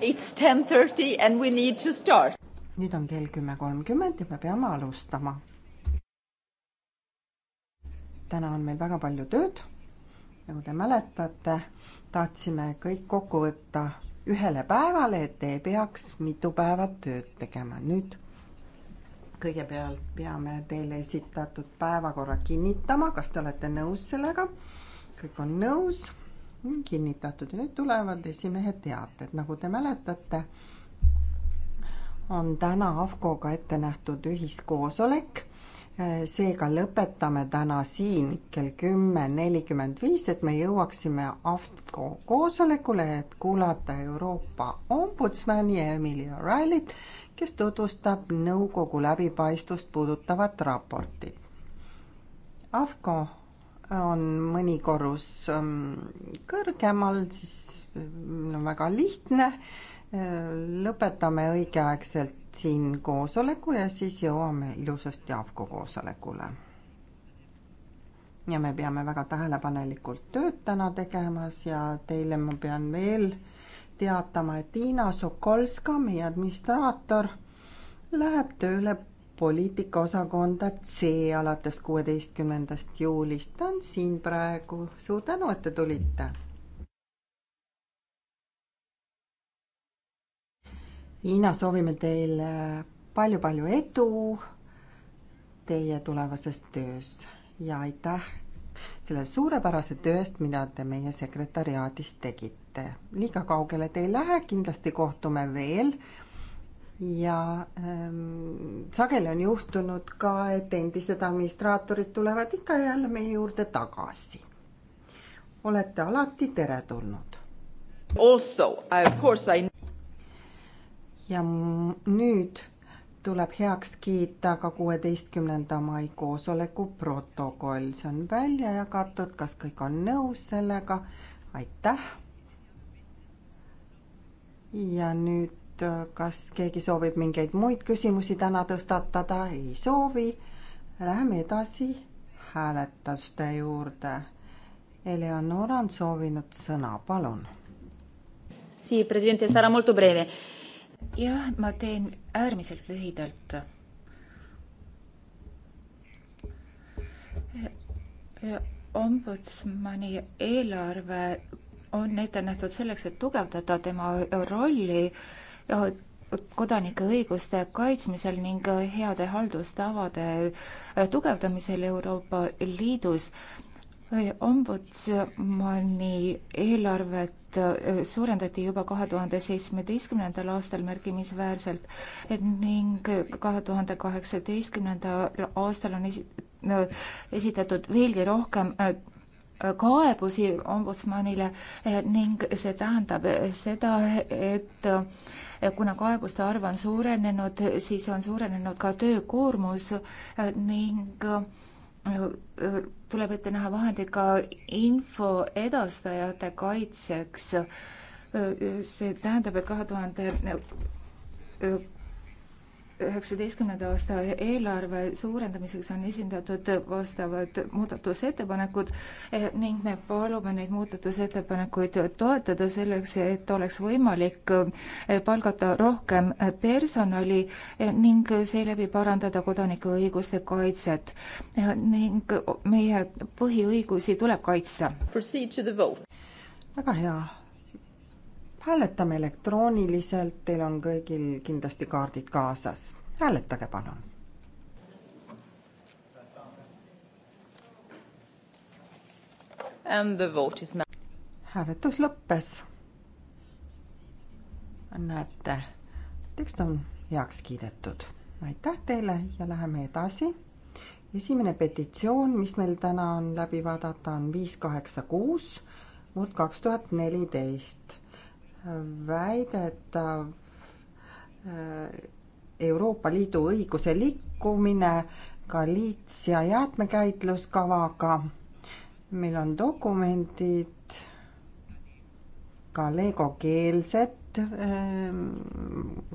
It's ten thirty and we need to start. nüüd on kell kümme kolmkümmend ja me peame alustama. täna on meil väga palju tööd. nagu te mäletate, tahtsime kõik kokku võtta ühele päevale, et ei peaks mitu päeva tööd tegema. nüüd kõigepealt peame teile esitatud päevakorra kinnitama, kas te olete nõus sellega? kõik on nõus kinnitatud ja nüüd tulevad esimehe teated, nagu te mäletate, on täna AFCO-ga ette nähtud ühiskoosolek, seega lõpetame täna siin kell kümme nelikümmend viis, et me jõuaksime AFCO koosolekule, et kuulata Euroopa ombudsmani Emily O'Reillyt, kes tutvustab nõukogu läbipaistvust puudutavat raportit. AFCO on mõni korrus ähm, kõrgemal, siis äh, meil on väga lihtne, äh, lõpetame õigeaegselt siin koosoleku ja siis jõuame ilusasti Avko koosolekule. ja me peame väga tähelepanelikult tööd täna tegemas ja teile ma pean veel teatama, et Tiina Sokolska, meie administraator, läheb tööle poliitikaosakonda C alates kuueteistkümnendast juulist. ta on siin praegu. suur tänu, et te tulite. Hiina, soovime teile palju-palju edu teie tulevases töös ja aitäh selle suurepärase töö eest, mida te meie sekretäriaadis tegite. liiga kaugele te ei lähe, kindlasti kohtume veel ja ähm, sageli on juhtunud ka, et endised administraatorid tulevad ikka ja jälle meie juurde tagasi. olete alati teretulnud. Also, of course I. ja nüüd tuleb heaks kiita ka kuueteistkümnenda mai koosoleku protokoll, see on välja jagatud, kas kõik on nõus sellega? aitäh. ja nüüd Äh, kas keegi soovib mingeid muid küsimusi täna tõstatada, ei soovi. Läheme edasi hääletuste juurde. Eleonora on soovinud sõna, palun. jah, ma teen äärmiselt lühidalt ombudsmani eelarve on ette nähtud selleks, et tugevdada tema rolli kodanike õiguste kaitsmisel ning heade haldustavade äh, tugevdamisel Euroopa Liidus. Äh, ombudsmani eelarvet äh, suurendati juba kahe tuhande seitsmeteistkümnendal aastal märkimisväärselt ning kahe tuhande kaheksateistkümnendal aastal on esi-, esitatud veelgi rohkem kaebusi ombudsmanile eh, ning see tähendab seda, et eh, kuna kaebuste arv on suurenenud, siis on suurenenud ka töökoormus eh, ning tuleb ette näha vahendid ka info edastajate kaitseks. see tähendab, et kahe tuhande üheksateistkümnenda aasta eelarve suurendamiseks on esindatud vastavad muudatusettepanekud eh, ning me palume neid muudatusettepanekuid toetada selleks, et oleks võimalik eh, palgata rohkem eh, personali ning seeläbi parandada kodanikuõiguste kaitset. ning meie põhiõigusi tuleb kaitsta. väga hea hääletame elektrooniliselt, teil on kõigil kindlasti kaardid kaasas. hääletage palun. hääletus lõppes. näete, tekst on heaks kiidetud. aitäh teile ja läheme edasi. esimene petitsioon, mis meil täna on läbi vaadata, on viis kaheksa kuus murd kaks tuhat neliteist väidetav äh, Euroopa Liidu õiguse liikumine ka liits- ja jäätmekäitluskavaga. meil on dokumendid ka leegokeelsed, ähm,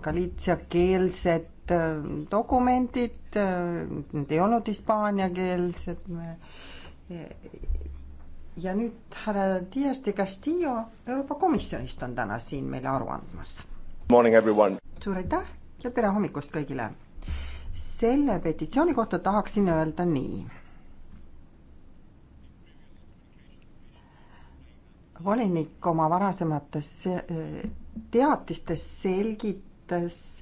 ka lihtsakeelsed ähm, dokumendid, äh, need ei olnud hispaaniakeelsed ja nüüd härra Dias de Castillo Euroopa Komisjonist on täna siin meile aru andmas. suur aitäh ja tere hommikust kõigile. selle petitsiooni kohta tahaksin öelda nii. volinik oma varasemates äh, teatistes selgitas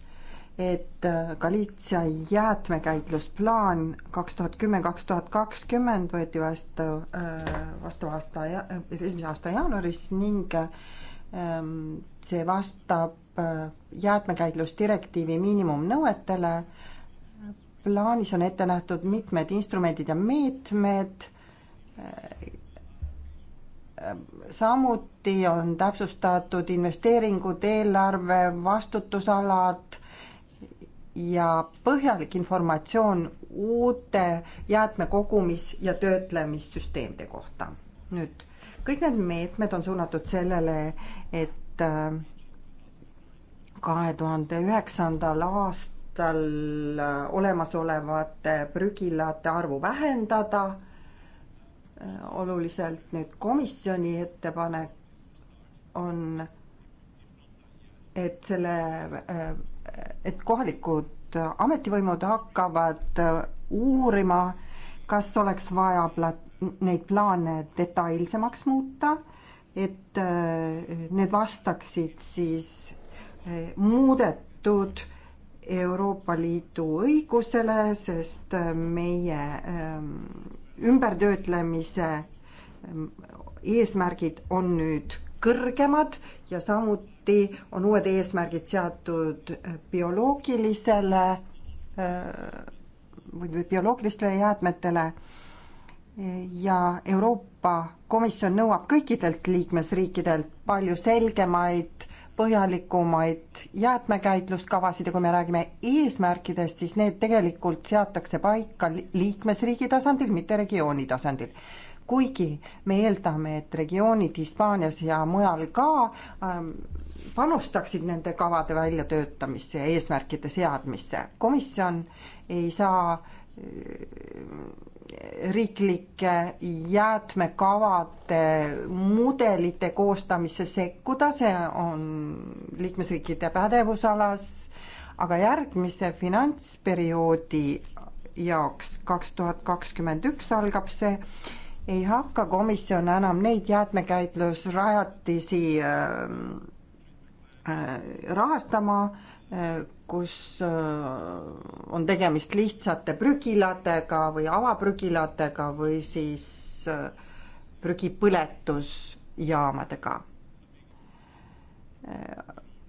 et äh, Galiitsia jäätmekäitlusplaan kaks tuhat kümme, kaks tuhat kakskümmend võeti vastu, äh, vastu aasta, äh, esimese aasta jaanuaris ning ähm, see vastab jäätmekäitlusdirektiivi miinimumnõuetele. plaanis on ette nähtud mitmed instrumendid ja meetmed, samuti on täpsustatud investeeringud, eelarve, vastutusalad ja põhjalik informatsioon uute jäätmekogumis- ja töötlemissüsteemide kohta. nüüd, kõik need meetmed on suunatud sellele, et äh, kahe tuhande üheksandal aastal äh, olemasolevate prügilate arvu vähendada äh, oluliselt, nüüd komisjoni ettepanek on, et selle et kohalikud ametivõimud hakkavad äh, uurima, kas oleks vaja pla-, neid plaane detailsemaks muuta, et äh, need vastaksid siis äh, muudetud Euroopa Liidu õigusele, sest meie ähm, ümbertöötlemise ähm, eesmärgid on nüüd kõrgemad ja samuti samuti on uued eesmärgid seatud bioloogilisele äh, või bioloogilistele jäätmetele ja Euroopa Komisjon nõuab kõikidelt liikmesriikidelt palju selgemaid, põhjalikumaid jäätmekäitluskavasid ja kui me räägime eesmärkidest, siis need tegelikult seatakse paika liikmesriigi tasandil, mitte regiooni tasandil kuigi me eeldame, et regioonid Hispaanias ja mujal ka ähm, panustaksid nende kavade väljatöötamisse ja eesmärkide seadmisse. komisjon ei saa äh, riiklike jäätmekavade mudelite koostamisse sekkuda, see on liikmesriikide pädevusalas, aga järgmise finantsperioodi jaoks kaks tuhat kakskümmend üks algab see ei hakka komisjon enam neid jäätmekäitlusrajatisi äh, äh, rahastama, äh, kus on tegemist lihtsate prügiladega või avaprügiladega või siis prügipõletusjaamadega.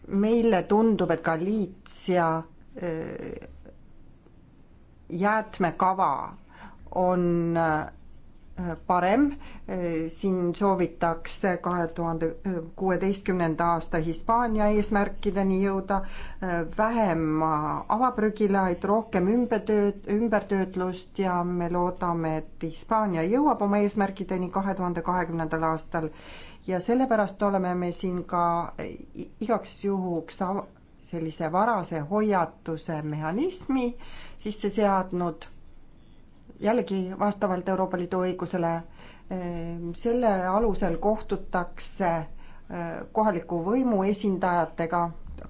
meile tundub, et Galiitsia jäätmekava on parem, siin soovitakse kahe tuhande kuueteistkümnenda aasta Hispaania eesmärkideni jõuda, vähem avaprügilaid, rohkem ümbertööd, ümbertöötlust ja me loodame, et Hispaania jõuab oma eesmärkideni kahe tuhande kahekümnendal aastal ja sellepärast oleme me siin ka igaks juhuks sellise varase hoiatuse mehhanismi sisse seadnud jällegi vastavalt Euroopa Liidu õigusele, ehm, selle alusel kohtutakse ehm, kohaliku võimu esindajatega,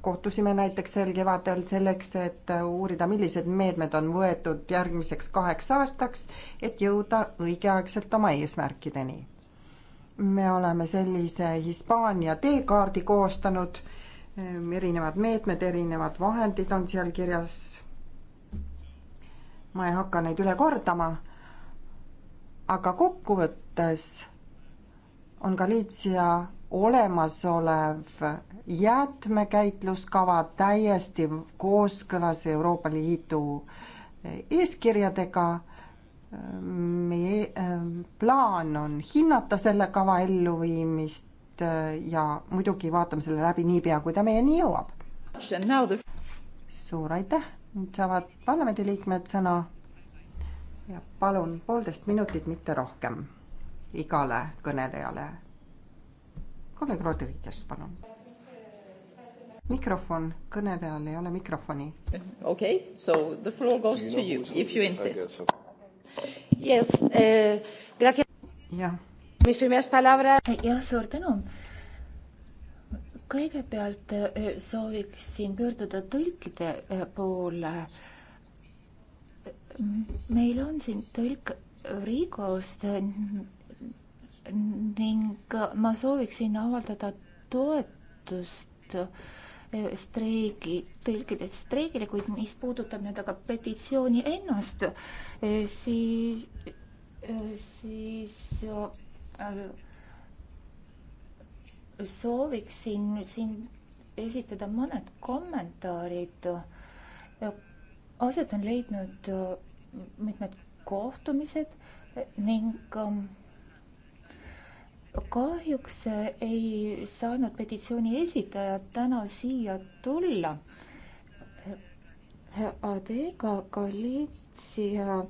kohtusime näiteks sel kevadel selleks, et uurida, millised meetmed on võetud järgmiseks kaheks aastaks, et jõuda õigeaegselt oma eesmärkideni. me oleme sellise Hispaania teekaardi koostanud, ehm, erinevad meetmed, erinevad vahendid on seal kirjas ma ei hakka neid üle kordama, aga kokkuvõttes on Galiitsia olemasolev jäätmekäitluskava täiesti kooskõlas Euroopa Liidu eeskirjadega. meie äh, plaan on hinnata selle kava elluviimist äh, ja muidugi vaatame selle läbi niipea, kui ta meieni jõuab. suur aitäh nüüd saavad parlamendiliikmed sõna ja palun poolteist minutit, mitte rohkem igale kõnelejale. kolleeg Rodriguez, palun. mikrofon, kõnelejal ei ole mikrofoni. okei okay,, so the floor goes to you if you insist. Yes eh,, gracias. jah. mis primeras palabras. jah, suur tänu kõigepealt eh, sooviksin pöörduda tõlkide eh, poole. meil on siin tõlk Riigost eh, ning ma sooviksin avaldada toetust streigi, tõlkides streigile, kuid mis puudutab nüüd aga petitsiooni ennast, siis, siis äh, sooviksin siin esitada mõned kommentaarid. aset on leidnud äh, mitmed kohtumised ning ähm, kahjuks ei saanud petitsiooni esitajad täna siia tulla. Äh, Adega Galitsia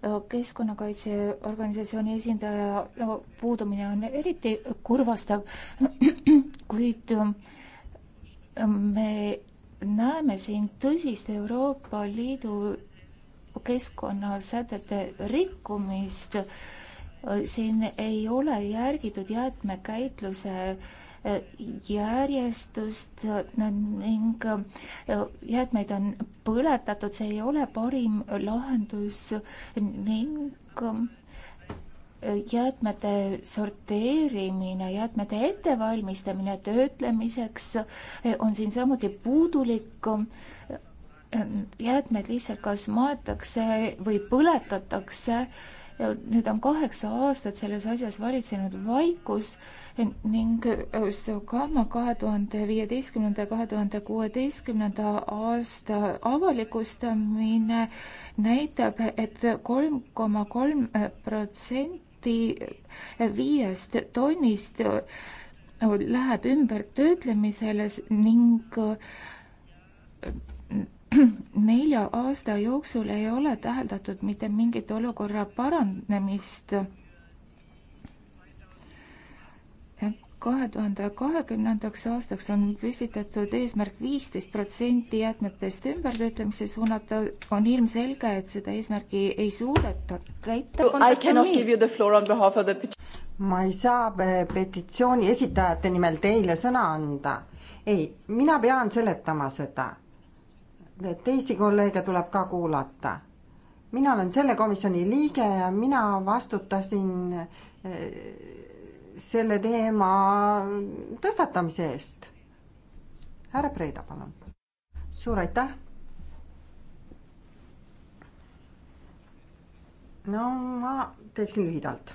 Äh, keskkonnakaitseorganisatsiooni esindaja puudumine on eriti kurvastav, kuid äh, me näeme siin tõsist Euroopa Liidu keskkonnasätete rikkumist. Äh, siin ei ole järgitud jäätmekäitluse järjestust äh, ning äh, jäätmeid on põletatud, see ei ole parim lahendus ning äh, jäätmete sorteerimine, jäätmete ettevalmistamine töötlemiseks on siin samuti puudulik jäätmed lihtsalt kas maetakse või põletatakse. nüüd on kaheksa aastat selles asjas valitsenud vaikus ning Sogama kahe tuhande viieteistkümnenda, kahe tuhande kuueteistkümnenda aasta avalikustamine näitab et, et kolm koma kolm protsenti viiest tonnist läheb ümbertöötlemisele ning nelja aasta jooksul ei ole täheldatud mitte mingit olukorra paranemist. kahe tuhande kahekümnendaks aastaks on püstitatud eesmärk viisteist protsenti jäätmetest ümbertöötlemise suunata. on ilmselge, et seda eesmärki ei suudeta täita. ma ei saa eh, petitsiooni esitajate nimel teile sõna anda. ei, mina pean seletama seda teisi kolleege tuleb ka kuulata. mina olen selle komisjoni liige ja mina vastutasin eh, selle teema tõstatamise eest. härra Preida, palun. suur aitäh. no ma teeksin lühidalt.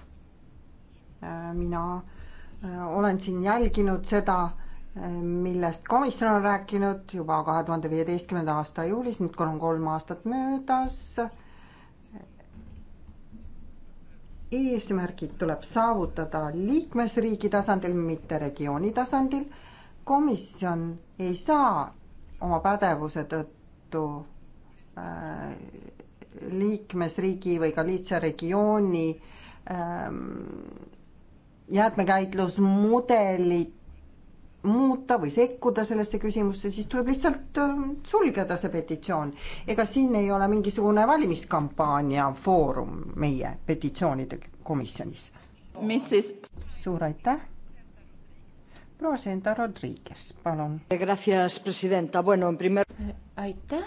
Eh, mina eh, olen siin jälginud seda millest komisjon on rääkinud juba kahe tuhande viieteistkümnenda aasta juulis, nüüd on kolm aastat möödas. eesmärgid tuleb saavutada liikmesriigi tasandil, mitte regiooni tasandil. komisjon ei saa oma pädevuse tõttu äh, liikmesriigi või ka lihtsa regiooni ähm, jäätmekäitlusmudelit muuta või sekkuda sellesse küsimusse, siis tuleb lihtsalt äh, sulgeda see petitsioon. ega siin ei ole mingisugune valimiskampaania foorum meie petitsioonide komisjonis. mis siis? suur aitäh. proua Senda Rodriguez, palun. Gracias, presidenta, bueno en primer. aitäh.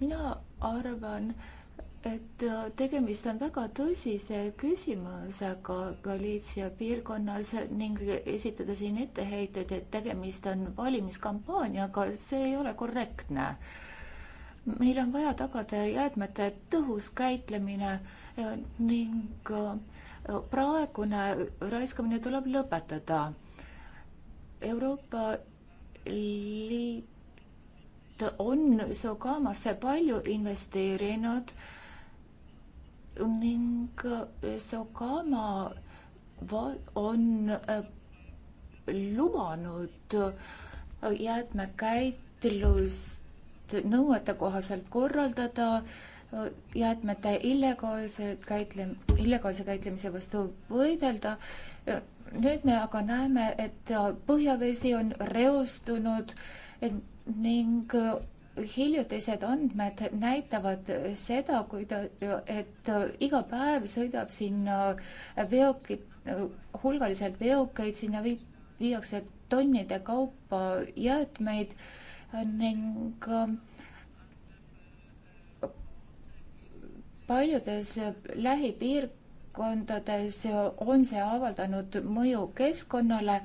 mina arvan et äh, tegemist on väga tõsise küsimusega Galiitsia piirkonnas ning esitada siin etteheited, et tegemist on valimiskampaaniaga, see ei ole korrektne. meil on vaja tagada jäätmete tõhus käitlemine äh, ning äh, praegune raiskamine tuleb lõpetada. Euroopa Liit on Sogamasse palju investeerinud ning eh, Saukama on eh, lubanud eh, jäätmekäitlust nõuetekohaselt korraldada, jäätmete illegaalse käitle-, illegaalse käitlemise vastu võidelda. nüüd me aga näeme, et põhjavesi on reostunud ning hiljutised andmed näitavad seda, kuida-, et iga päev sõidab sinna veokid, hulgaliselt veokeid, sinna vii-, viiakse tonnide kaupa jäätmeid ning paljudes lähipiirkondades on see avaldanud mõju keskkonnale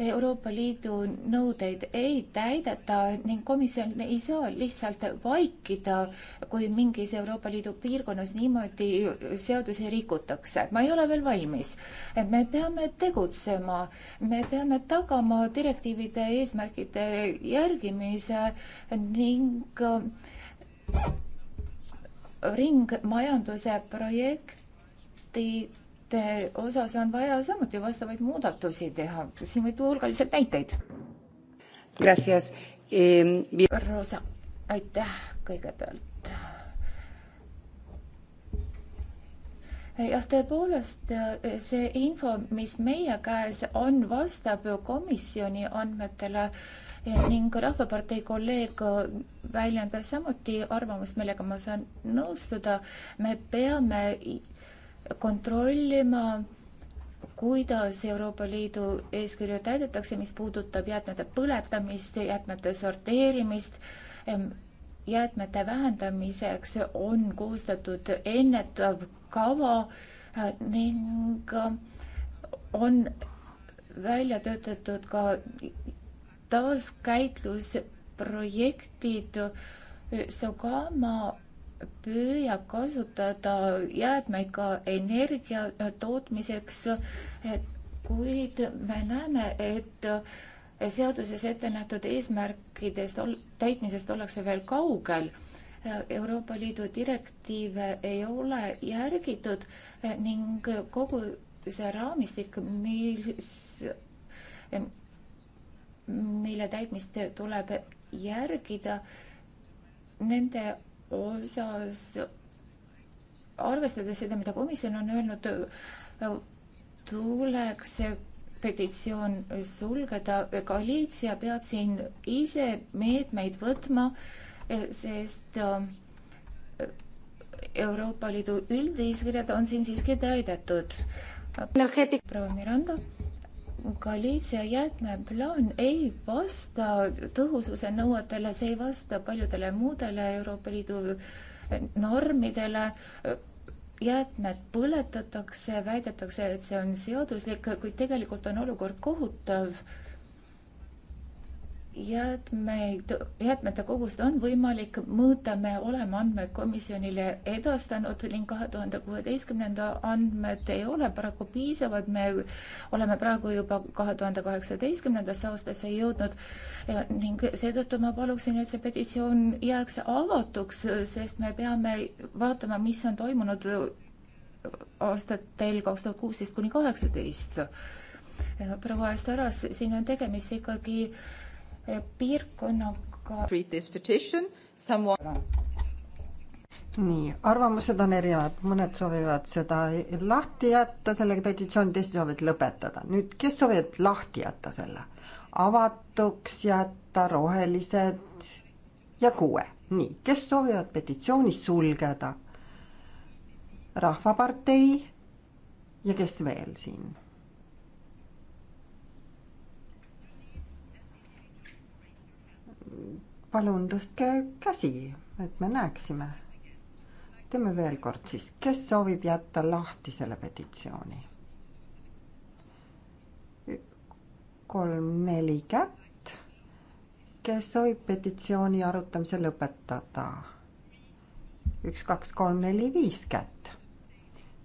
Euroopa Liidu nõudeid ei täideta ning komisjon ei saa lihtsalt vaikida, kui mingis Euroopa Liidu piirkonnas niimoodi seadusi rikutakse. ma ei ole veel valmis. me peame tegutsema, me peame tagama direktiivide eesmärkide järgimise ning äh, ringmajanduse projekti andmete osas on vaja samuti vastavaid muudatusi teha, siin võib tuua hulgaliselt näiteid. Rosa, aitäh kõigepealt. jah, tõepoolest see info, mis meie käes on, vastab komisjoni andmetele ning Rahvapartei kolleeg väljendas samuti arvamust, millega ma saan nõustuda. me peame kontrollima, kuidas Euroopa Liidu eeskirju täidetakse, mis puudutab jäätmete põletamist, jäätmete sorteerimist. jäätmete vähendamiseks on koostatud ennetav kava äh, ning äh, on välja töötatud ka taaskäitlusprojektid äh, Sogama püüab kasutada jäätmeid ka energia tootmiseks, kuid me näeme, et seaduses ette nähtud eesmärkidest täitmisest ollakse veel kaugel. Euroopa Liidu direktiive ei ole järgitud ning kogu see raamistik, mis, mille täitmist tuleb järgida, nende osas, arvestades seda, mida komisjon on öelnud, tuleks see petitsioon sulgeda. Galiitsia peab siin ise meetmeid võtma, sest äh, Euroopa Liidu üldeeskirjad on siin siiski täidetud. proua Miranda Galiitsia jäätmeplaan ei vasta tõhususe nõuetele, see ei vasta paljudele muudele Euroopa Liidu eh, normidele. jäätmed põletatakse, väidetakse, et see on seaduslik, kuid tegelikult on olukord kohutav jäätmeid, jäätmete kogust on võimalik mõõta, me oleme andmed komisjonile edastanud ning kahe tuhande kuueteistkümnenda andmed ei ole paraku piisavad, me oleme praegu juba kahe tuhande kaheksateistkümnendasse aastasse jõudnud ning seetõttu ma paluksin, et see petitsioon jääks avatuks, sest me peame vaatama, mis on toimunud aastatel kaks tuhat kuusteist kuni kaheksateist proua Staras, siin on tegemist ikkagi äh, Eh, piirkonnaga. nii, arvamused on erinevad, mõned soovivad seda lahti jätta, selle petitsiooni, teised soovivad lõpetada. nüüd, kes soovivad lahti jätta selle? avatuks jätta, rohelised ja kuue. nii, kes soovivad petitsiooni sulgeda? rahvapartei ja kes veel siin? palun tõstke käsi, et me näeksime. teeme veel kord siis, kes soovib jätta lahti selle petitsiooni? kolm-neli kätt. kes soovib petitsiooni arutamise lõpetada? üks, kaks, kolm, neli, viis kätt.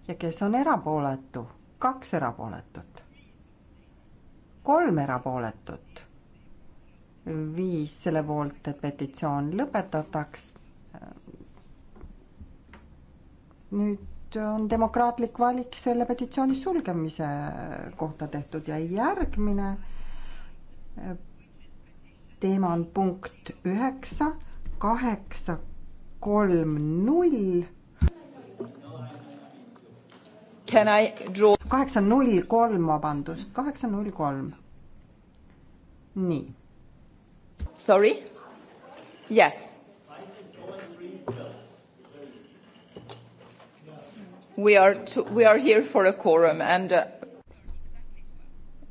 ja kes on erapooletu? kaks erapooletut. kolm erapooletut viis selle poolt, et petitsioon lõpetataks. nüüd on demokraatlik valik selle petitsiooni sulgemise kohta tehtud ja järgmine teema on punkt üheksa, kaheksa, kolm, null. kaheksa, null, kolm, vabandust, kaheksa, null, kolm. nii Sorry? Yes. We are, to, we are here for a quorum and uh...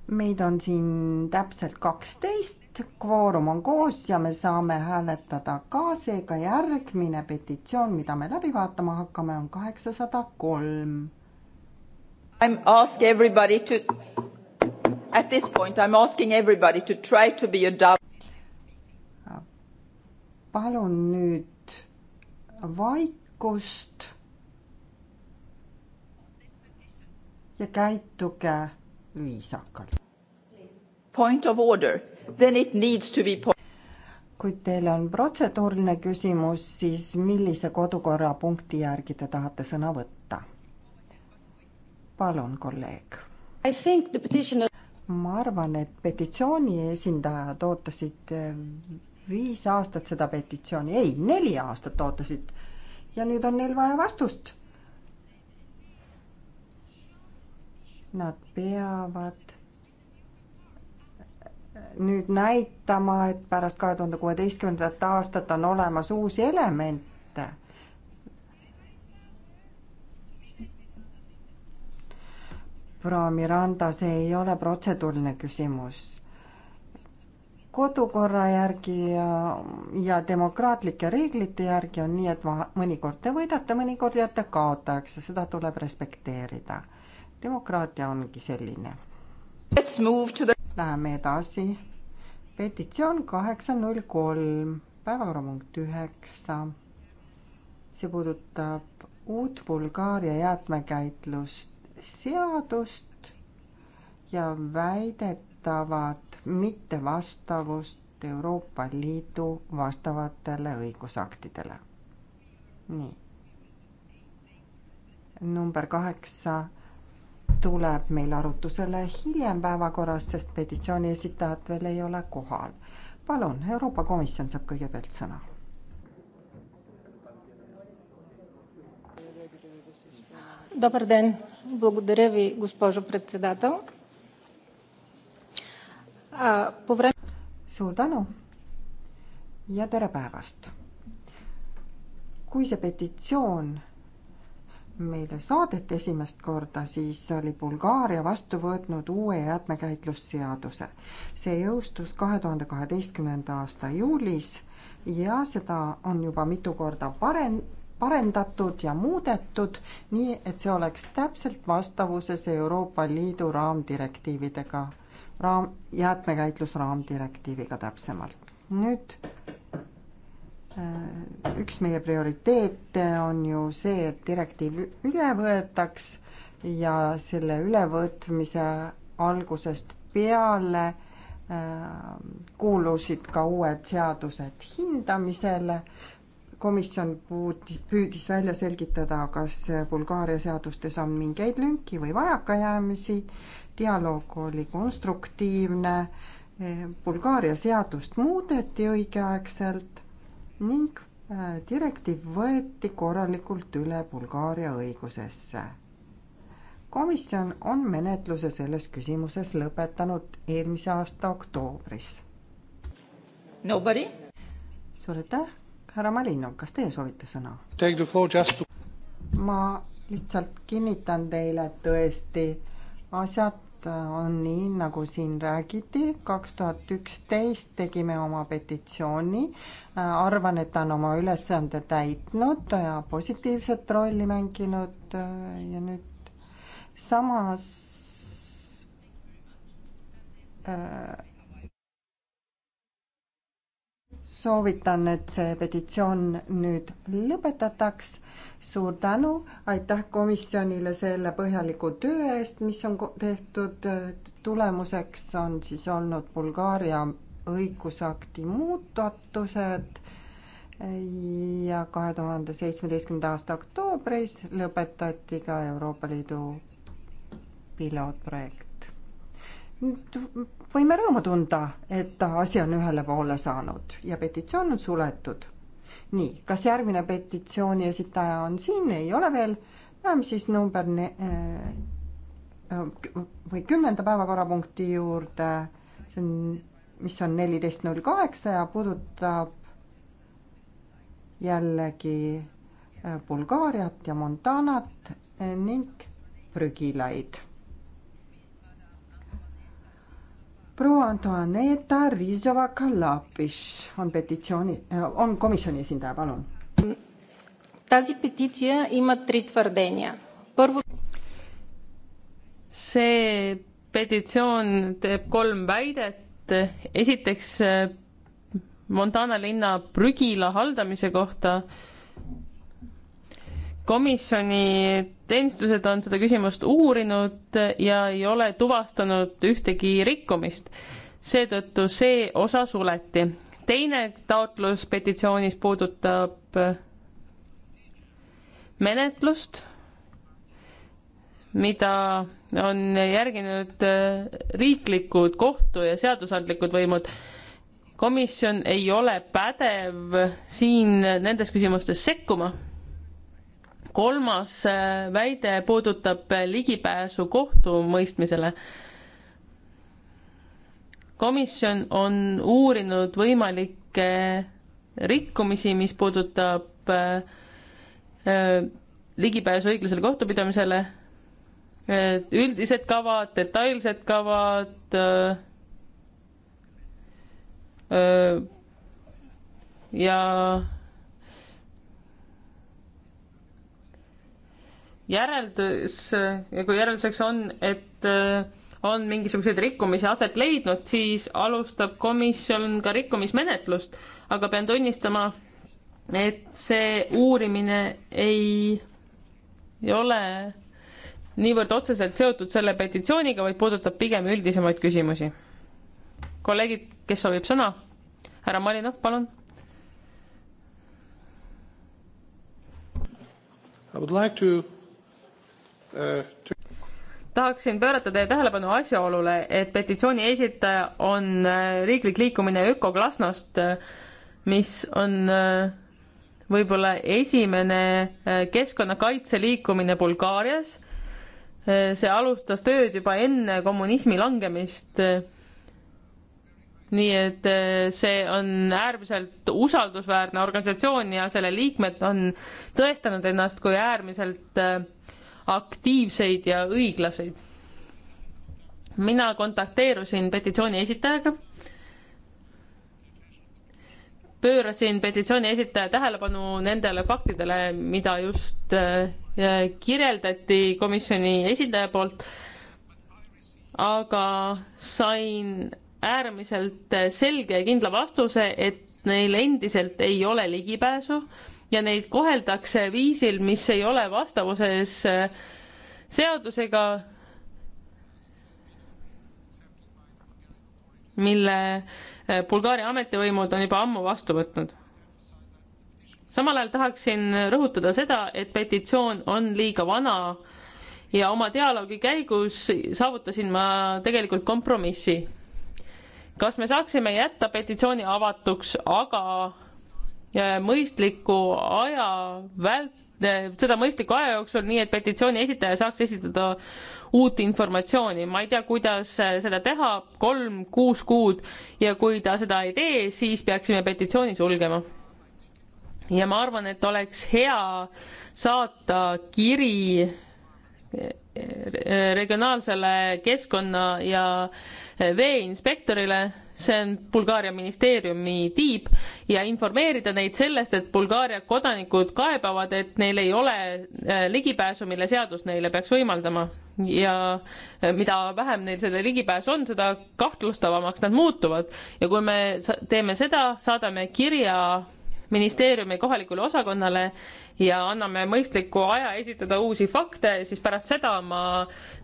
meid on siin täpselt kaksteist, kvoorum on koos ja me saame hääletada ka, seega järgmine petitsioon, mida me läbi vaatama hakkame, on kaheksasada kolm. I am ask everybody to, at this point I am asking everybody to try to be a double palun nüüd vaikust ja käituge viisakalt. Point of order, then it needs to be kui teil on protseduuriline küsimus, siis millise kodukorrapunkti järgi te tahate sõna võtta? palun, kolleeg. Petitioner... ma arvan, et petitsiooni esindajad ootasid viis aastat seda petitsiooni, ei, neli aastat ootasid. ja nüüd on neil vaja vastust. Nad peavad äh, nüüd näitama, et pärast kahe tuhande kuueteistkümnendat aastat on olemas uusi elemente proua Miranda, see ei ole protseduuriline küsimus kodukorra järgi ja, ja demokraatlike reeglite järgi on nii, et ma, mõnikord te võidate, mõnikord jääte kaotajaks ja seda tuleb respekteerida. demokraatia ongi selline. The... Läheme edasi. petitsioon kaheksa null kolm, päevakorrapunkt üheksa. see puudutab uut Bulgaaria jäätmekäitlust, seadust ja väidetavat mittevastavust Euroopa Liidu vastavatele õigusaktidele. nii. number kaheksa tuleb meil arutusele hiljem päevakorras, sest petitsiooni esitajat veel ei ole kohal. palun, Euroopa Komisjon saab kõigepealt sõna. Добър ден! Благодаря ви, госпожо председател. Äh, suur tänu ja tere päevast! kui see petitsioon meile saadeti esimest korda, siis oli Bulgaaria vastu võtnud uue jäätmekäitlusseaduse. see jõustus kahe tuhande kaheteistkümnenda aasta juulis ja seda on juba mitu korda paren-, parendatud ja muudetud, nii et see oleks täpselt vastavuses Euroopa Liidu raamdirektiividega raam, jäätmekäitlusraamdirektiiviga täpsemalt. nüüd äh, üks meie prioriteete on ju see, et direktiiv üle võetaks ja selle ülevõtmise algusest peale äh, kuulusid ka uued seadused hindamisele komisjon puutis, püüdis välja selgitada, kas Bulgaaria seadustes on mingeid lünki või vajakajäämisi, dialoog oli konstruktiivne, Bulgaaria seadust muudeti õigeaegselt ning äh, direktiiv võeti korralikult üle Bulgaaria õigusesse. komisjon on menetluse selles küsimuses lõpetanud eelmise aasta oktoobris. Nobody? suur aitäh härra Malinov, kas teie soovite sõna? To... ma lihtsalt kinnitan teile, et tõesti asjad äh, on nii, nagu siin räägiti, kaks tuhat üksteist tegime oma petitsiooni, äh, arvan, et ta on oma ülesande täitnud ja positiivset rolli mänginud äh, ja nüüd samas äh, soovitan, et see petitsioon nüüd lõpetataks. suur tänu, aitäh komisjonile selle põhjaliku töö eest, mis on tehtud. tulemuseks on siis olnud Bulgaaria õigusakti muudatused ja kahe tuhande seitsmeteistkümnenda aasta oktoobris lõpetati ka Euroopa Liidu pilootprojekt. nüüd võime rõõmu tunda, et asi on ühele poole saanud ja petitsioon on suletud. nii, kas järgmine petitsiooni esitaja on siin, ei ole veel, läheme siis number ne-, äh, või kümnenda päevakorrapunkti juurde, see on, mis on neliteist null kaheksa ja puudutab jällegi äh, Bulgaariat ja Montanat ning prügilaid proua Antoaneta Rizova-Kalapis on petitsiooni, äh, on komisjoni esindaja, palun. see petitsioon teeb kolm väidet. esiteks Montana linna prügila haldamise kohta komisjoni teenistused on seda küsimust uurinud ja ei ole tuvastanud ühtegi rikkumist. seetõttu see osa suleti. teine taotlus petitsioonis puudutab menetlust, mida on järginud riiklikud kohtu- ja seadusandlikud võimud komisjon ei ole pädev siin nendes küsimustes sekkuma kolmas äh, väide puudutab äh, ligipääsu kohtumõistmisele. komisjon on uurinud võimalikke äh, rikkumisi, mis puudutab ligipääsu õiglasele kohtupidamisele, üldised kavad, detailsed kavad, ja järeldus, kui järelduseks on, et äh, on mingisuguseid rikkumisi aset leidnud, siis alustab komisjon ka rikkumismenetlust, aga pean tunnistama, et see uurimine ei, ei ole niivõrd otseselt seotud selle petitsiooniga, vaid puudutab pigem üldisemaid küsimusi. kolleegid, kes soovib sõna? härra Malinov, palun. I would like to tahaksin pöörata teie tähelepanu asjaolule, et petitsiooni esitaja on äh, riiklik liikumine Ökoklasnost, äh, mis on äh, võib-olla esimene keskkonnakaitse liikumine Bulgaarias. see alustas tööd juba enne kommunismi langemist. nii et see on äärmiselt usaldusväärne organisatsioon ja selle liikmed on tõestanud ennast kui äärmiselt aktiivseid ja õiglaseid. mina kontakteerusin petitsiooni esitajaga, pöörasin petitsiooni esitaja tähelepanu nendele faktidele, mida just äh, kirjeldati komisjoni esindaja poolt, aga sain äärmiselt selge ja kindla vastuse, et neil endiselt ei ole ligipääsu ja neid koheldakse viisil, mis ei ole vastavuses äh, seadusega, mille äh, Bulgaaria ametivõimud on juba ammu vastu võtnud. samal ajal tahaksin rõhutada seda, et petitsioon on liiga vana ja oma dialoogi käigus saavutasin ma tegelikult kompromissi. kas me saaksime jätta petitsiooni avatuks, aga mõistliku aja vält-, seda mõistliku aja jooksul, nii et petitsiooni esitaja saaks esitada uut informatsiooni. ma ei tea, kuidas seda teha, kolm, kuus kuud ja kui ta seda ei tee, siis peaksime petitsiooni sulgema. ja ma arvan, et oleks hea saata kiri eh, eh, regionaalsele keskkonna ja äh, veeinspektorile, see on Bulgaaria ministeeriumi tiib, ja informeerida neid sellest, et Bulgaaria kodanikud kaebavad, et neil ei ole äh, ligipääsu, mille seadus neile peaks võimaldama. ja äh, mida vähem neil selle ligipääs on, seda kahtlustavamaks nad muutuvad. ja kui me teeme seda, saadame kirja ministeeriumi kohalikule osakonnale ja anname mõistliku aja esitada uusi fakte, siis pärast seda ma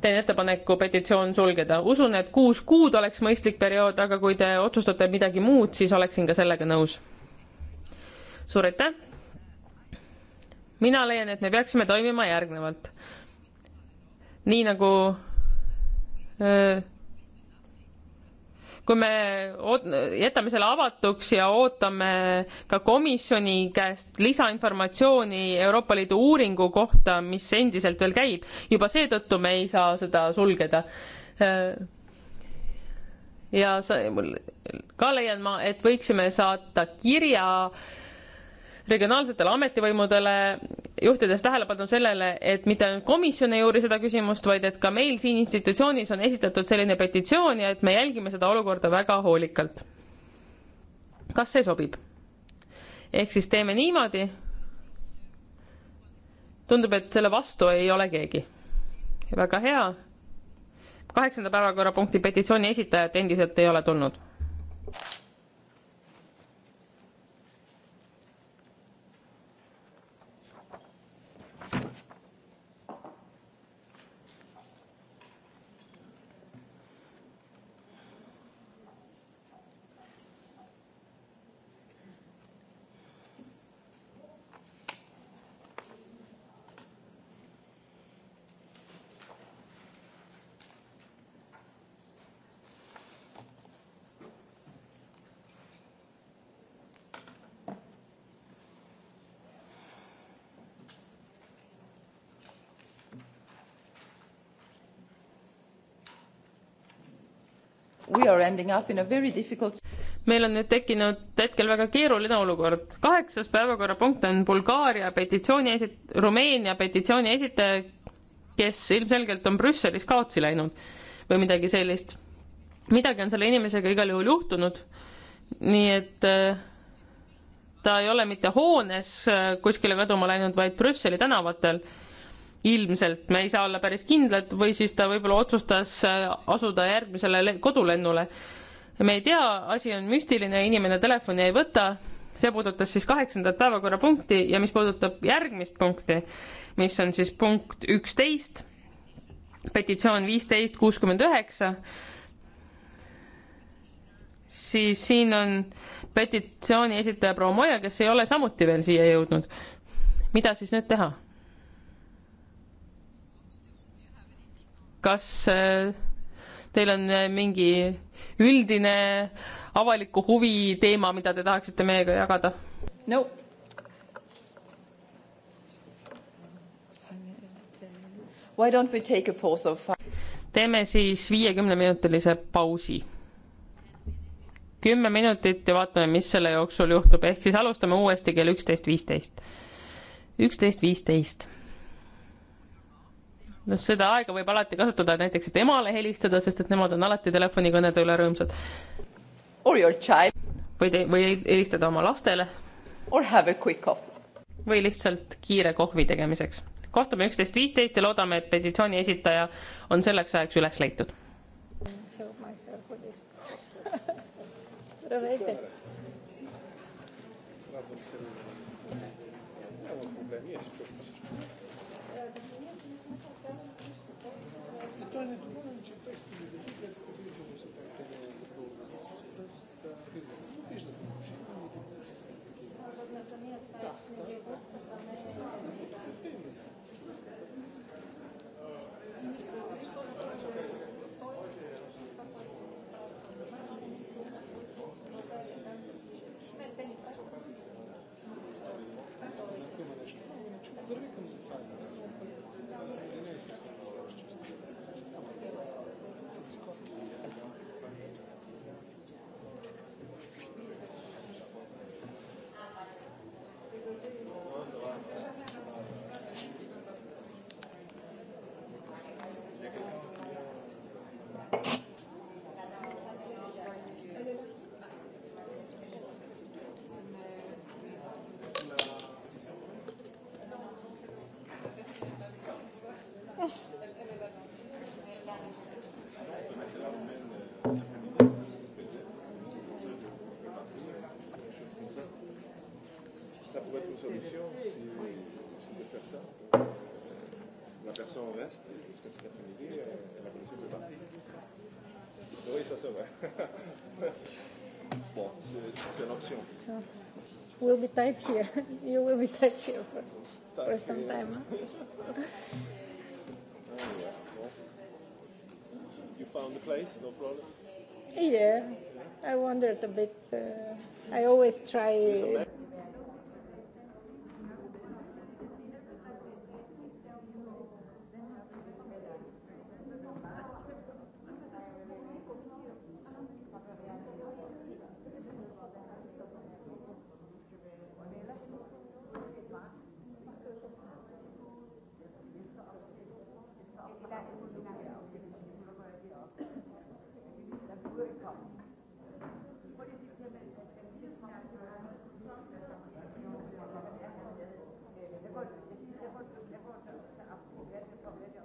teen ettepaneku petitsioon sulgeda. usun, et kuus kuud oleks mõistlik periood, aga kui te otsustate midagi muud, siis oleksin ka sellega nõus. suur aitäh! mina leian, et me peaksime toimima järgnevalt. nii nagu öö, kui me oot-, jätame selle avatuks ja ootame ka komisjoni käest lisainformatsiooni Euroopa Liidu uuringu kohta, mis endiselt veel käib, juba seetõttu me ei saa seda sulgeda. ja sa, mul ka leian ma, et võiksime saata kirja äh, regionaalsetele ametivõimudele, juhtides tähelepanu sellele, et mitte ainult komisjon ei uuri seda küsimust, vaid et ka meil siin institutsioonis on esitatud selline petitsioon ja et me jälgime seda olukorda väga hoolikalt. kas see sobib? ehk siis teeme niimoodi. tundub, et selle vastu ei ole keegi. väga hea. kaheksanda päevakorrapunkti petitsiooni esitajat endiselt ei ole tulnud Difficult... meil on nüüd tekkinud hetkel väga keeruline olukord. kaheksas päevakorrapunkt on Bulgaaria petitsiooni esi-, Rumeenia petitsiooni esitaja, kes ilmselgelt on Brüsselis kaotsi läinud või midagi sellist. midagi on selle inimesega igal juhul juhtunud, nii et äh, ta ei ole mitte hoones äh, kuskile kaduma läinud, vaid Brüsseli tänavatel ilmselt, me ei saa olla päris kindlad, või siis ta võib-olla otsustas äh, asuda järgmisele kodulennule. me ei tea, asi on müstiline, inimene telefoni ei võta, see puudutas siis kaheksandat päevakorrapunkti ja mis puudutab järgmist punkti, mis on siis punkt üksteist, petitsioon viisteist kuuskümmend üheksa, siis siin on petitsiooni esitaja proua Moja, kes ei ole samuti veel siia jõudnud. mida siis nüüd teha? kas äh, teil on äh, mingi üldine avaliku huvi teema, mida te tahaksite meiega jagada no.? Of... teeme siis viiekümneminutilise pausi. kümme minutit ja vaatame, mis selle jooksul juhtub, ehk siis alustame uuesti kell üksteist viisteist. üksteist viisteist no seda aega võib alati kasutada näiteks, et emale helistada, sest et nemad on alati telefonikõnede üle rõõmsad. või te, või helistada oma lastele. või lihtsalt kiire kohvi tegemiseks. kohtume üksteist viisteist ja loodame, et petitsiooni esitaja on selleks ajaks üles leitud. tere veidi. Gracias. Питание, думаю, читать, что не забыть, это solution, c'est de faire ça. La personne reste jusqu'à cet après-midi et la commission peut partir. Oui, ça, c'est vrai. bon, c'est l'option. So, we'll be tied here. You will be tied here for, Stuck for some here. time. oh, yeah. well, you found the place, no problem? Yeah. I wondered a bit. Uh, I always try. Gracias.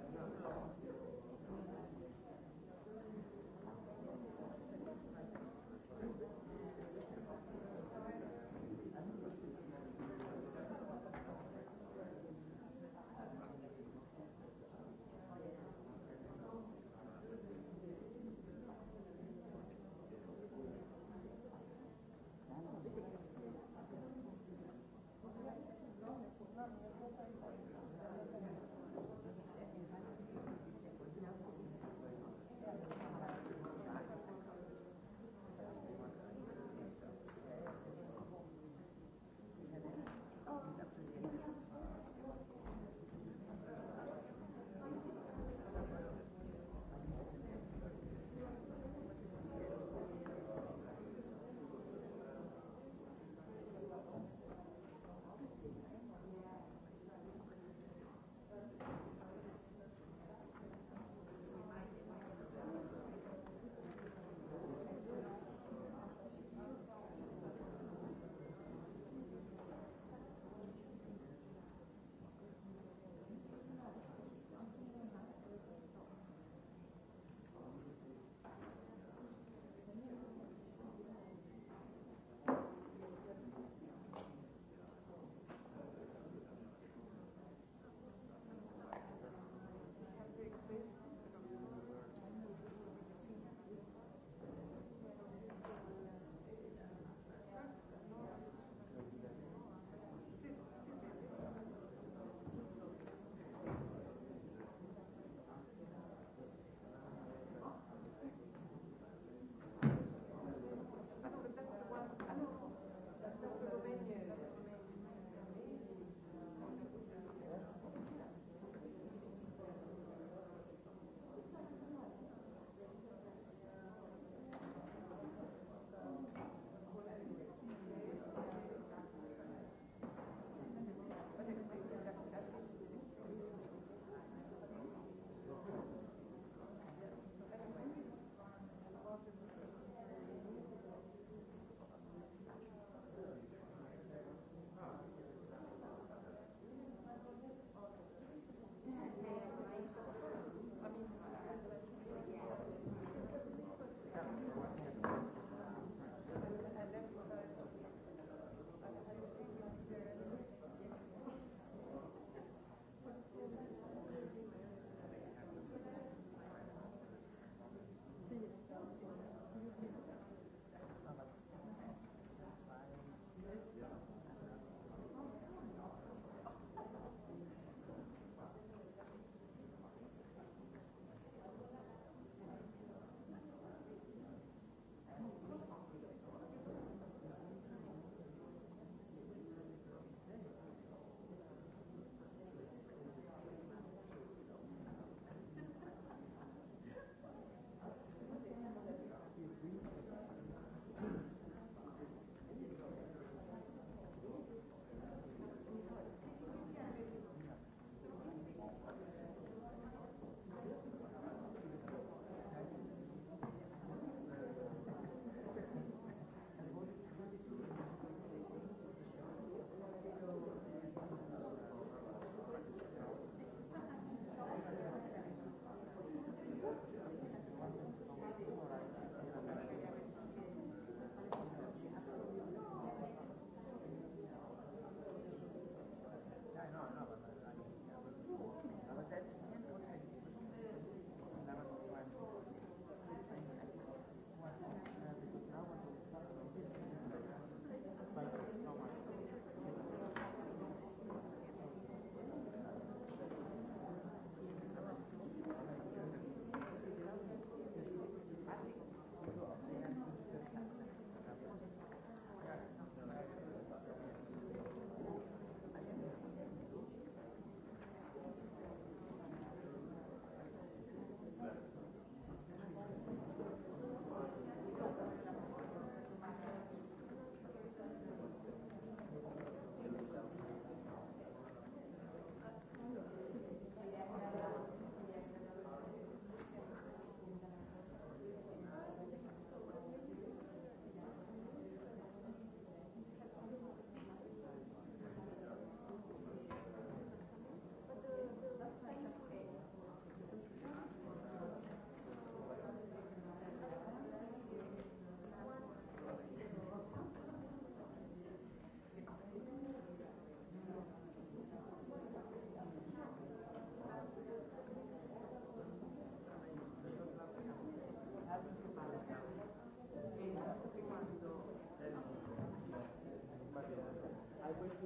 I went to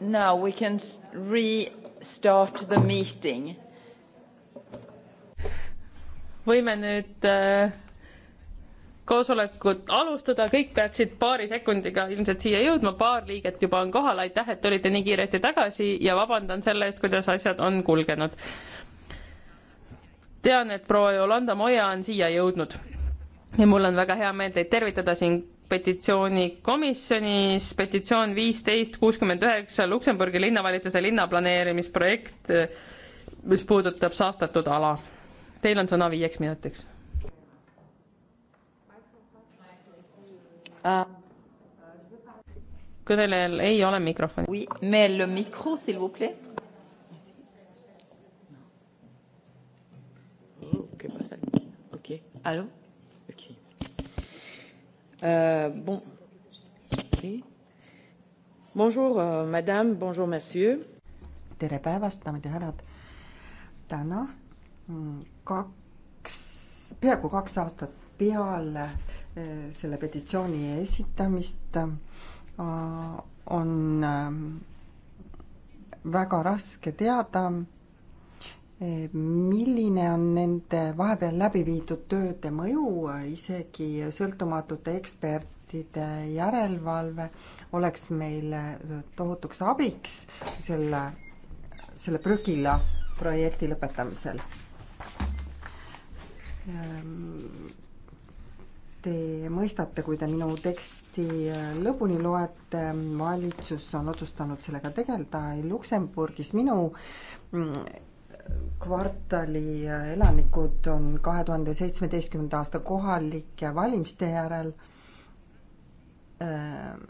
Now we can restart the meeting. võime nüüd äh, koosolekut alustada, kõik peaksid paari sekundiga ilmselt siia jõudma, paar liiget juba on kohal, aitäh, et tulite nii kiiresti tagasi ja vabandan selle eest, kuidas asjad on kulgenud. tean, et proua Yolanda Moja on siia jõudnud ja mul on väga hea meel teid tervitada siin petitsioonikomisjonis, petitsioon viisteist kuuskümmend üheksa Luksemburgi linnavalitsuse linnaplaneerimisprojekt, mis puudutab saastatud ala. Teil on sõna viieks minutiks uh.. kõnelejal ei ole mikrofoni. Oui, mais le micro s'il vous plait. Oh, okay, pas ça. Okay, allô? Euh, bon. Okay. Bonjour, euh, madame, bonjour, monsieur. tere päevast, daamid ja härrad. täna mm, kaks, peaaegu kaks aastat peale eh, selle petitsiooni esitamist äh, on ähm, väga raske teada, milline on nende vahepeal läbi viidud tööde mõju, isegi sõltumatute ekspertide järelevalve oleks meile tohutuks abiks selle, selle prügila projekti lõpetamisel. Te mõistate, kui te minu teksti lõpuni loete, valitsus on otsustanud sellega tegeleda Luksemburgis minu kvartali elanikud on kahe tuhande seitsmeteistkümnenda aasta kohalike valimiste järel ähm,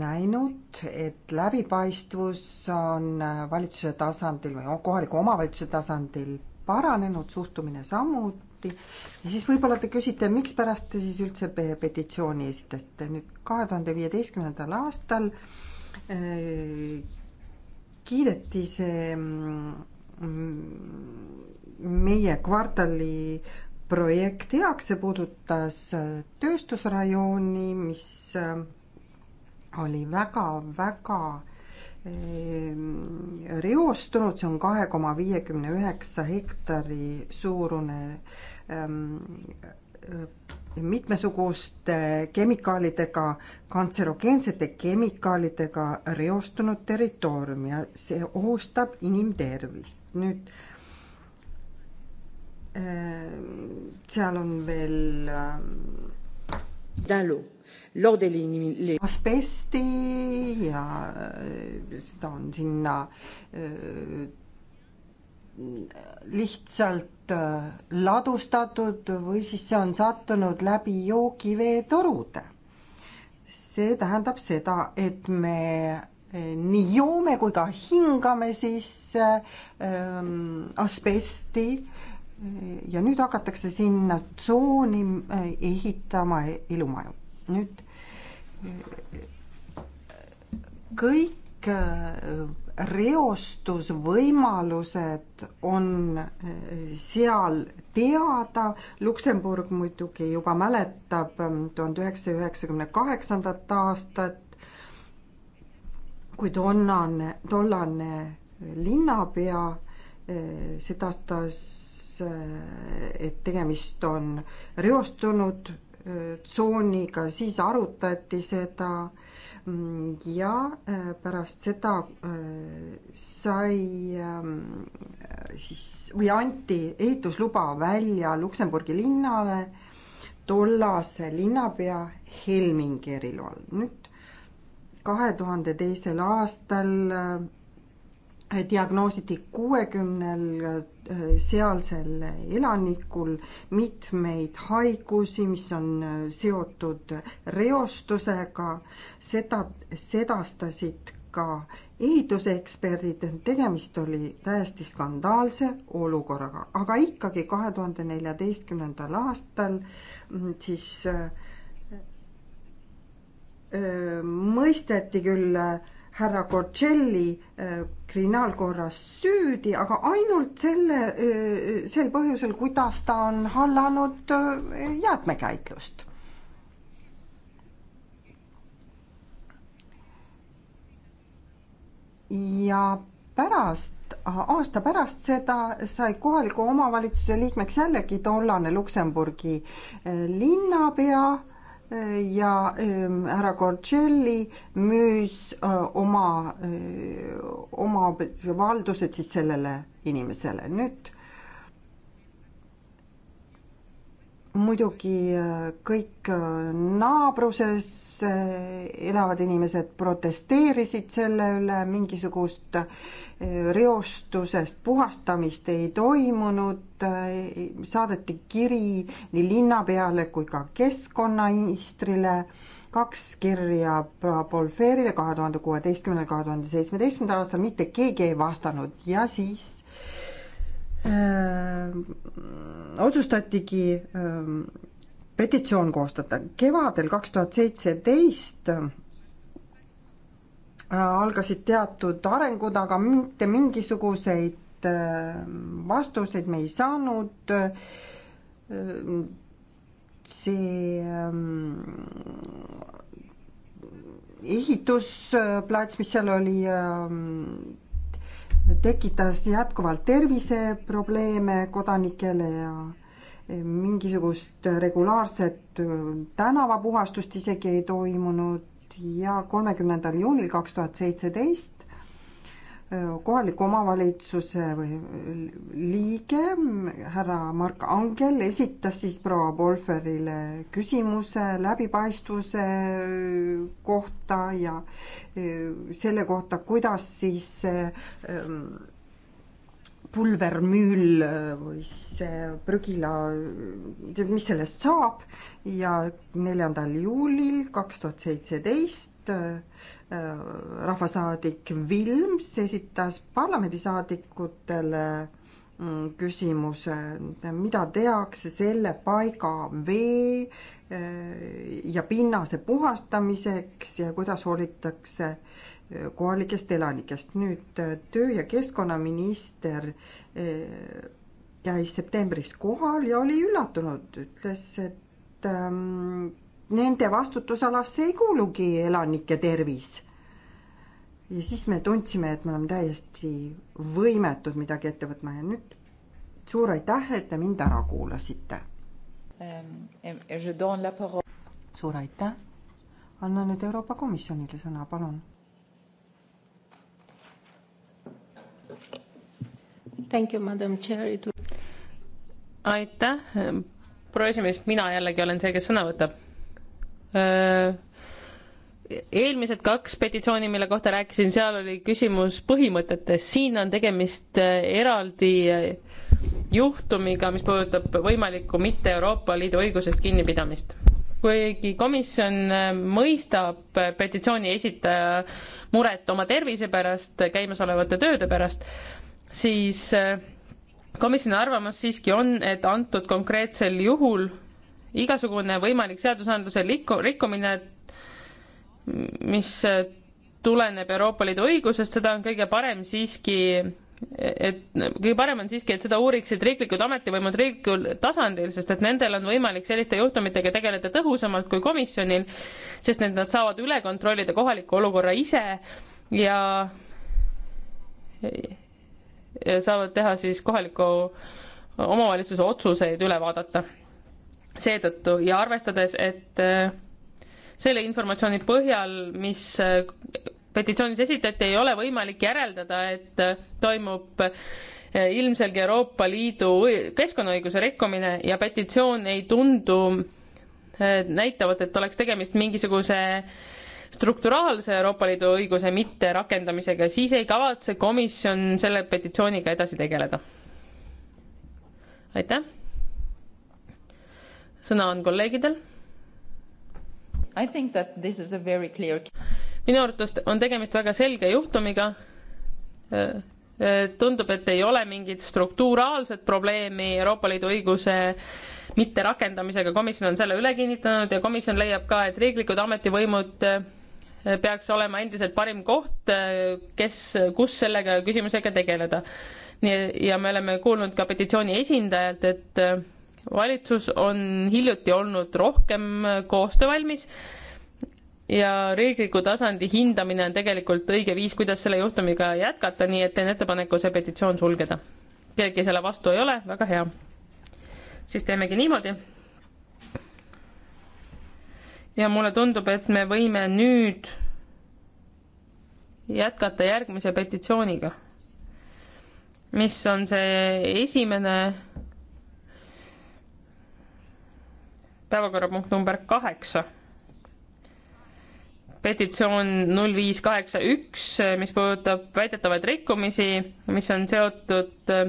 näinud, et läbipaistvus on äh, valitsuse tasandil või kohaliku omavalitsuse tasandil paranenud, suhtumine samuti, ja siis võib-olla te küsite, mikspärast te siis üldse petitsiooni esitasite nüüd kahe tuhande viieteistkümnendal aastal äh, kiideti see mm, meie kvartali projekt heaks, see puudutas tööstusrajooni, mis äh, oli väga-väga äh, reostunud, see on kahe koma viiekümne üheksa hektari suurune ähm, mitmesuguste kemikaalidega, kantserogeensete kemikaalidega reostunud territoorium ja see ohustab inimtervist. nüüd äh, seal on veel talu äh, asbesti ja äh, seda on sinna lihtsalt äh, ladustatud või siis see on sattunud läbi joogiveetorude. see tähendab seda, et me äh, nii joome kui ka hingame sisse äh, ähm, asbesti ja nüüd hakatakse sinna tsooni ehitama elumaju. nüüd kõik reostusvõimalused on eh, seal teada, Luksemburg muidugi juba mäletab mm, tuhande üheksasaja üheksakümne kaheksandat aastat, kui tollane, tollane eh, linnapea eh, sedastas, et tegemist on reostunud tsooniga, siis arutati seda äh, Mm, ja äh, pärast seda äh, sai ähm, äh, siis või anti ehitusluba välja Luksemburgi linnale tollase linnapea Helmingi eriloal. nüüd kahe tuhande teisel aastal diagnoositi kuuekümnel äh, sealsel elanikul mitmeid haigusi, mis on äh, seotud reostusega, seda sedastasid ka ehituseksperdid, tegemist oli täiesti skandaalse olukorraga, aga ikkagi kahe tuhande neljateistkümnendal aastal mm, siis öö, äh, mõisteti küll öö, härra Kocelli äh, kriminaalkorras süüdi, aga ainult selle, äh, sel põhjusel, kuidas ta on hallanud äh, jäätmekäitlust. ja pärast, aasta pärast seda sai kohaliku omavalitsuse liikmeks jällegi tollane Luksemburgi linnapea ja ehm, härra Corcelli müüs oma, oma valdused siis sellele inimesele. nüüd muidugi äh, kõik äh, naabruses äh, elavad inimesed protesteerisid selle üle, mingisugust reostusest puhastamist ei toimunud, saadeti kiri nii linnapeale kui ka keskkonnaministrile, kaks kirja Polfeerile kahe tuhande kuueteistkümnendal, kahe tuhande seitsmeteistkümnendal aastal, mitte keegi ei vastanud ja siis otsustatigi petitsioon koostada. kevadel kaks tuhat seitseteist algasid teatud arengud, aga mitte mingisuguseid vastuseid me ei saanud. see ehitusplats, mis seal oli, tekitas jätkuvalt terviseprobleeme kodanikele ja eh, mingisugust regulaarset eh, tänavapuhastust isegi ei toimunud ja kolmekümnendal juunil kaks tuhat seitseteist kohaliku omavalitsuse või liige härra Mark Angel esitas siis proua Bolferile küsimuse läbipaistvuse kohta ja eh, selle kohta, kuidas siis eh, mm, pulvermüül eh, või see prügila, mis sellest saab ja neljandal juulil kaks tuhat seitseteist Äh, rahvasaadik Vilms esitas parlamendisaadikutele mm, küsimuse, mida tehakse selle paiga vee äh, ja pinnase puhastamiseks ja kuidas hoolitakse äh, kohalikest elanikest. nüüd töö- ja keskkonnaminister käis septembris kohal ja oli üllatunud, ütles, et ähm, nende vastutusalasse ei kuulugi elanike tervis. ja siis me tundsime, et me oleme täiesti võimetud midagi ette võtma ja nüüd suur aitäh, et te mind ära kuulasite. Ähm, suur aitäh. anna nüüd Euroopa Komisjonile sõna, palun. aitäh, proua esimees, mina jällegi olen see, kes sõna võtab Äh, eelmised kaks petitsiooni, mille kohta rääkisin, seal oli küsimus põhimõtetest, siin on tegemist äh, eraldi äh, juhtumiga, mis puudutab võimalikku mitte Euroopa Liidu õigusest kinnipidamist. kuigi komisjon mõistab petitsiooni esitaja muret oma tervise pärast, käimasolevate tööde pärast, siis komisjoni arvamus siiski on, et antud konkreetsel juhul igasugune võimalik seadusandluse liku-, rikkumine, mis tuleneb Euroopa Liidu õigusest, seda on kõige parem siiski et kõige parem on siiski, et seda uuriksid riiklikud ametivõimud riiklikul tasandil, sest et nendel on võimalik selliste juhtumitega tegeleda tõhusamalt kui komisjonil, sest et nad saavad üle kontrollida kohaliku olukorra ise ja, ja saavad teha siis kohaliku omavalitsuse otsuseid üle vaadata seetõttu ja arvestades, et äh, selle informatsiooni põhjal, mis äh, petitsioonis esitati, ei ole võimalik järeldada, et äh, toimub ilmselge Euroopa Liidu keskkonnaõiguse rikkumine ja petitsioon ei tundu näitavat, et oleks tegemist mingisuguse strukturaalse Euroopa Liidu õiguse mitterakendamisega, siis ei kavatse komisjon selle petitsiooniga edasi tegeleda. aitäh sõna on kolleegidel. Clear... minu arvates on tegemist väga selge juhtumiga. Äh, äh, tundub, et ei ole mingit struktuuraalset probleemi Euroopa Liidu õiguse mitterakendamisega, komisjon on selle üle kinnitanud ja komisjon leiab ka, et riiklikud ametivõimud äh, peaks olema endiselt parim koht, kes, kus sellega küsimusega tegeleda. nii, ja me oleme kuulnud ka petitsiooni esindajalt, et valitsus on hiljuti olnud rohkem koostöövalmis ja riikliku tasandi hindamine on tegelikult õige viis, kuidas selle juhtumiga jätkata, nii et teen ettepaneku see petitsioon sulgeda. keegi selle vastu ei ole, väga hea. siis teemegi niimoodi. ja mulle tundub, et me võime nüüd jätkata järgmise petitsiooniga, mis on see esimene päevakorrapunkt number kaheksa. petitsioon null viis kaheksa üks, mis puudutab väidetavaid rikkumisi, mis on seotud äh,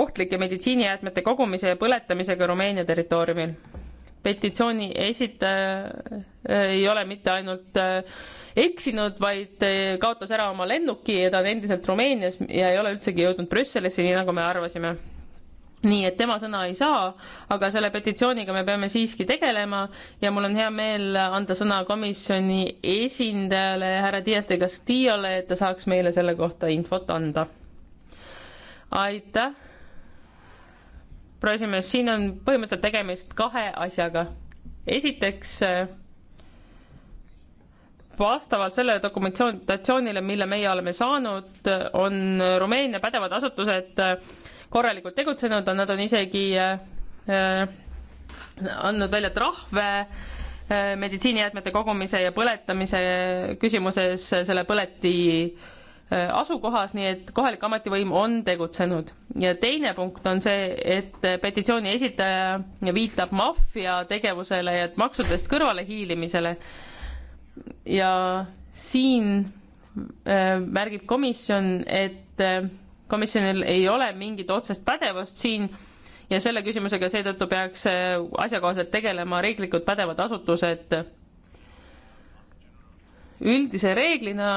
ohtlike meditsiinijäätmete kogumise ja põletamisega Rumeenia territooriumil. petitsiooni esitaja äh, ei ole mitte ainult äh, eksinud, vaid kaotas ära oma lennuki ja ta on endiselt Rumeenias ja ei ole üldsegi jõudnud Brüsselisse, nii nagu me arvasime nii et tema sõna ei saa, aga selle petitsiooniga me peame siiski tegelema ja mul on hea meel anda sõna komisjoni esindajale, härra Dias de Castillole, et ta saaks meile selle kohta infot anda. aitäh. proua esimees, siin on põhimõtteliselt tegemist kahe asjaga. esiteks äh, vastavalt sellele dokumentatsioonile, mille meie oleme saanud, on Rumeenia pädevad asutused äh, korralikult tegutsenud, nad on isegi äh, äh, andnud välja trahve meditsiinijäätmete kogumise ja põletamise küsimuses selle põleti asukohas, nii et kohalik ametivõim on tegutsenud. ja teine punkt on see, et petitsiooni esitaja viitab maffia tegevusele ja maksudest kõrvalehiilimisele ja siin äh, märgib komisjon, et äh, komisjonil ei ole mingit otsest pädevust siin ja selle küsimusega seetõttu peaks äh, asjakohaselt tegelema riiklikud pädevad asutused. üldise reeglina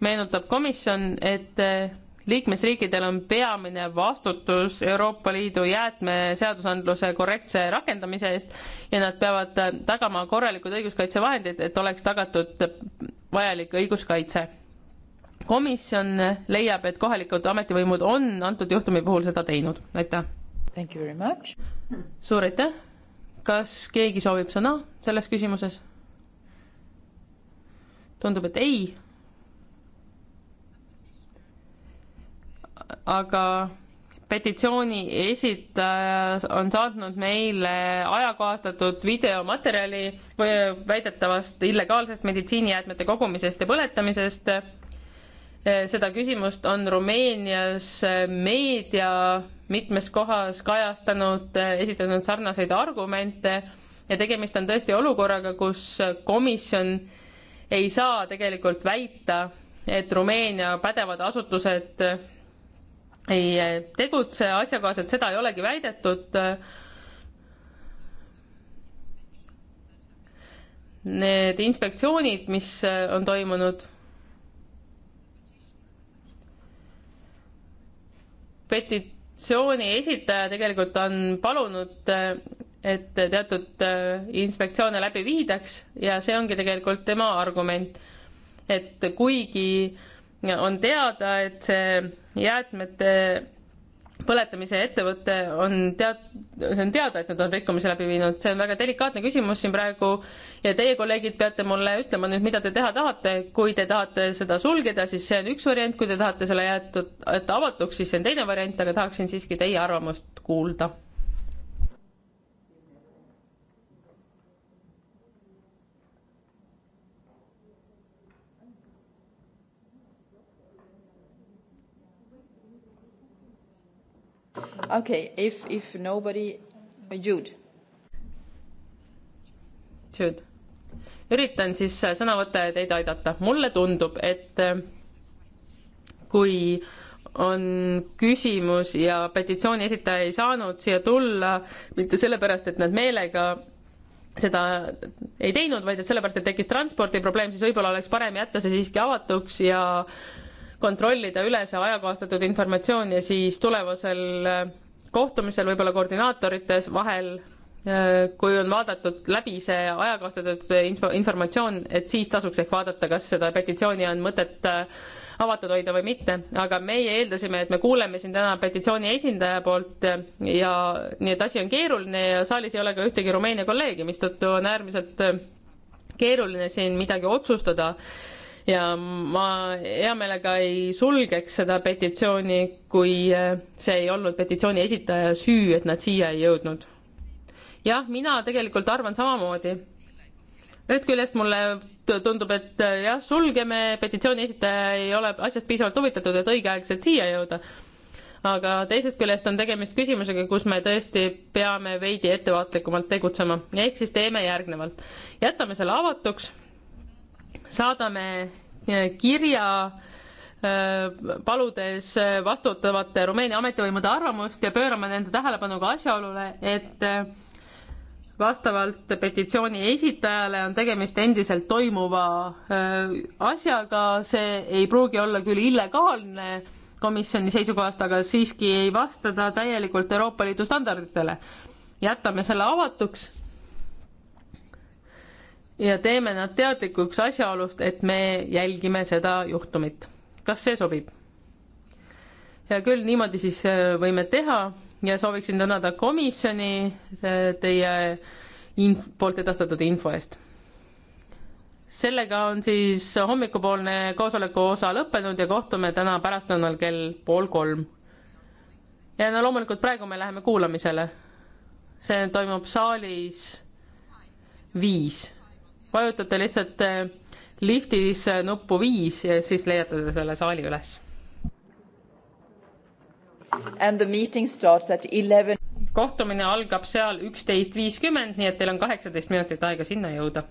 meenutab komisjon, et liikmesriikidel on peamine vastutus Euroopa Liidu jäätmeseadusandluse korrektse rakendamise eest ja nad peavad tagama korralikud õiguskaitsevahendid, et oleks tagatud vajalik õiguskaitse. komisjon leiab, et kohalikud ametivõimud on antud juhtumi puhul seda teinud, aitäh. suur aitäh. kas keegi soovib sõna selles küsimuses? tundub, et ei aga petitsiooni esitaja on saatnud meile ajakohastatud videomaterjali väidetavast illegaalsest meditsiinijäätmete kogumisest ja põletamisest. seda küsimust on Rumeenias meedia mitmes kohas kajastanud, esitanud sarnaseid argumente ja tegemist on tõesti olukorraga, kus komisjon ei saa tegelikult väita, et Rumeenia pädevad asutused ei tegutse asjakohaselt, seda ei olegi väidetud. Need inspektsioonid, mis on toimunud petitsiooni esitaja tegelikult on palunud, et teatud inspektsioone läbi viidaks ja see ongi tegelikult tema argument. et kuigi on teada, et see jäätmete põletamise ettevõte on tead-, see on teada, et nad on rikkumise läbi viinud, see on väga delikaatne küsimus siin praegu ja teie kolleegid peate mulle ütlema nüüd, mida te teha tahate, kui te tahate seda sulgeda, siis see on üks variant, kui te tahate selle jäetud, et avatuks, siis see on teine variant, aga tahaksin siiski teie arvamust kuulda Okay, if, if nobody, Jude. Jude. üritan siis äh, sõnavõtjaid teid aidata. mulle tundub, et äh, kui on küsimus ja petitsiooni esitaja ei saanud siia tulla mitte sellepärast, et nad meelega seda ei teinud, vaid et sellepärast, et tekkis transpordiprobleem, siis võib-olla oleks parem jätta see siiski avatuks ja äh, kontrollida üle see ajakohastatud informatsioon ja siis tulevasel äh, kohtumisel võib-olla koordinaatorite vahel, äh, kui on vaadatud läbi see ajakohastatud info, informatsioon, et siis tasuks ehk vaadata, kas seda petitsiooni on mõtet äh, avatud hoida või mitte, aga meie eeldasime, et me kuuleme siin täna petitsiooni esindaja poolt ja nii et asi on keeruline ja saalis ei ole ka ühtegi Rumeenia kolleegi, mistõttu on äärmiselt keeruline siin midagi otsustada ja ma hea meelega ei sulgeks seda petitsiooni, kui äh, see ei olnud petitsiooni esitaja süü, et nad siia ei jõudnud. jah, mina tegelikult arvan samamoodi. ühest küljest mulle tundub, et äh, jah, sulgeme, petitsiooni esitaja ei ole asjast piisavalt huvitatud, et õigeaegselt siia jõuda aga teisest küljest on tegemist küsimusega, kus me tõesti peame veidi ettevaatlikumalt tegutsema, ehk siis teeme järgnevalt. jätame selle avatuks saadame eh, kirja eh, paludes eh, vastutavate Rumeenia ametivõimude arvamust ja pöörame nende tähelepanu ka asjaolule, et vastavalt petitsiooni esitajale on tegemist endiselt toimuva asjaga, see ei pruugi olla küll illegaalne komisjoni seisukohast, aga siiski ei vasta ta täielikult Euroopa Liidu standarditele. jätame selle avatuks ja teeme nad teadlikuks asjaolust, et me jälgime seda juhtumit. kas see sobib? hea küll, niimoodi siis äh, võime teha ja sooviksin tänada komisjoni äh, teie in-, poolt edastatud info eest. sellega on siis hommikupoolne koosoleku osa lõppenud ja kohtume täna pärastlõunal kell pool kolm. ja no loomulikult praegu me läheme kuulamisele. see toimub saalis viis vajutate lihtsalt äh, liftis äh, nuppu viis ja siis leiate selle saali üles. kohtumine algab seal üksteist viiskümmend, nii et teil on kaheksateist minutit aega sinna jõuda